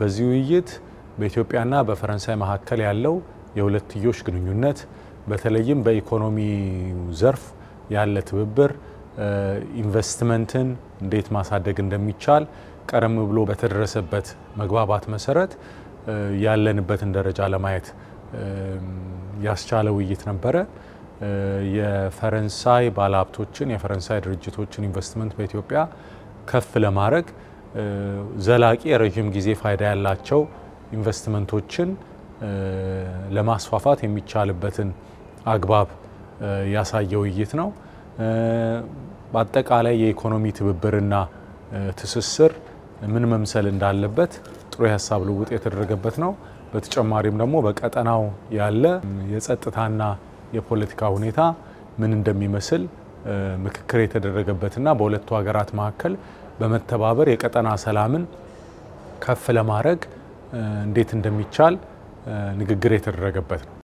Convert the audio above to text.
በዚህ ውይይት በኢትዮጵያና በፈረንሳይ መካከል ያለው የሁለትዮሽ ግንኙነት በተለይም በኢኮኖሚ ዘርፍ ያለ ትብብር፣ ኢንቨስትመንትን እንዴት ማሳደግ እንደሚቻል ቀደም ብሎ በተደረሰበት መግባባት መሰረት ያለንበትን ደረጃ ለማየት ያስቻለ ውይይት ነበረ። የፈረንሳይ ባለሀብቶችን የፈረንሳይ ድርጅቶችን ኢንቨስትመንት በኢትዮጵያ ከፍ ለማድረግ ዘላቂ የረዥም ጊዜ ፋይዳ ያላቸው ኢንቨስትመንቶችን ለማስፋፋት የሚቻልበትን አግባብ ያሳየ ውይይት ነው። በአጠቃላይ የኢኮኖሚ ትብብርና ትስስር ምን መምሰል እንዳለበት ጥሩ የሀሳብ ልውውጥ የተደረገበት ነው። በተጨማሪም ደግሞ በቀጠናው ያለ የጸጥታና የፖለቲካ ሁኔታ ምን እንደሚመስል ምክክር የተደረገበትና በሁለቱ ሀገራት መካከል በመተባበር የቀጠና ሰላምን ከፍ ለማድረግ እንዴት እንደሚቻል ንግግር የተደረገበት ነው።